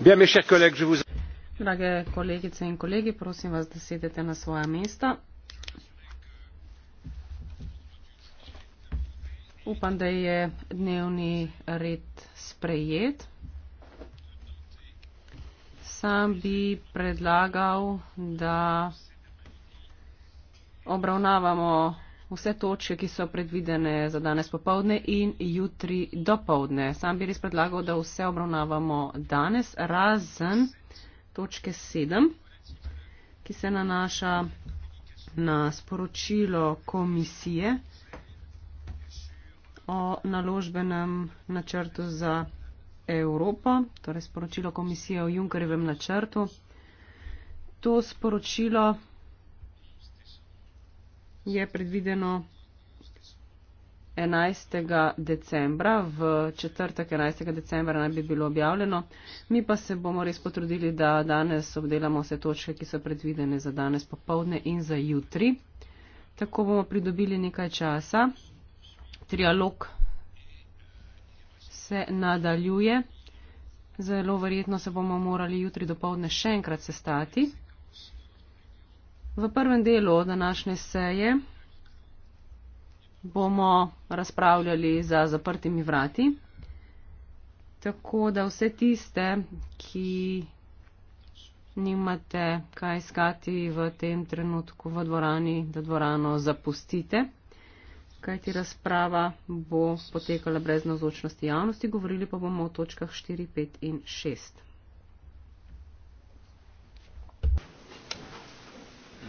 Bien, mes chers collègues, je vous... Drage kolegice in kolegi, prosim vas, da sedete na svoja mesta. Upam, da je dnevni red sprejet. Sam bi predlagal, da obravnavamo vse točke, ki so predvidene za danes popovdne in jutri dopovdne. Sam bi res predlagal, da vse obravnavamo danes, razen točke 7, ki se nanaša na sporočilo komisije o naložbenem načrtu za Evropo, torej sporočilo komisije o Junkerjevem načrtu. To sporočilo je predvideno 11. decembra, v četrtek 11. decembra naj bi bilo objavljeno. Mi pa se bomo res potrudili, da danes obdelamo vse točke, ki so predvidene za danes popovdne in za jutri. Tako bomo pridobili nekaj časa. Trialog se nadaljuje. Zelo verjetno se bomo morali jutri dopovdne še enkrat sestati. V prvem delu današnje seje bomo razpravljali za zaprtimi vrati, tako da vse tiste, ki nimate kaj iskati v tem trenutku v dvorani, da dvorano zapustite, kajti razprava bo potekala brez navzočnosti javnosti, govorili pa bomo o točkah 4, 5 in 6.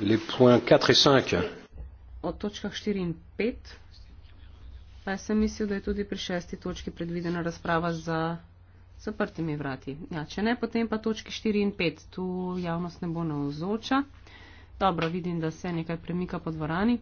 les points 4 et 5. Od točkah 4 in 5, pa sem mislil, da je tudi pri šesti točki predvidena razprava za zaprtimi vrati. Ja, če ne, potem pa točki 4 in 5, tu javnost ne bo navzoča. Dobro, vidim, da se nekaj premika po dvorani.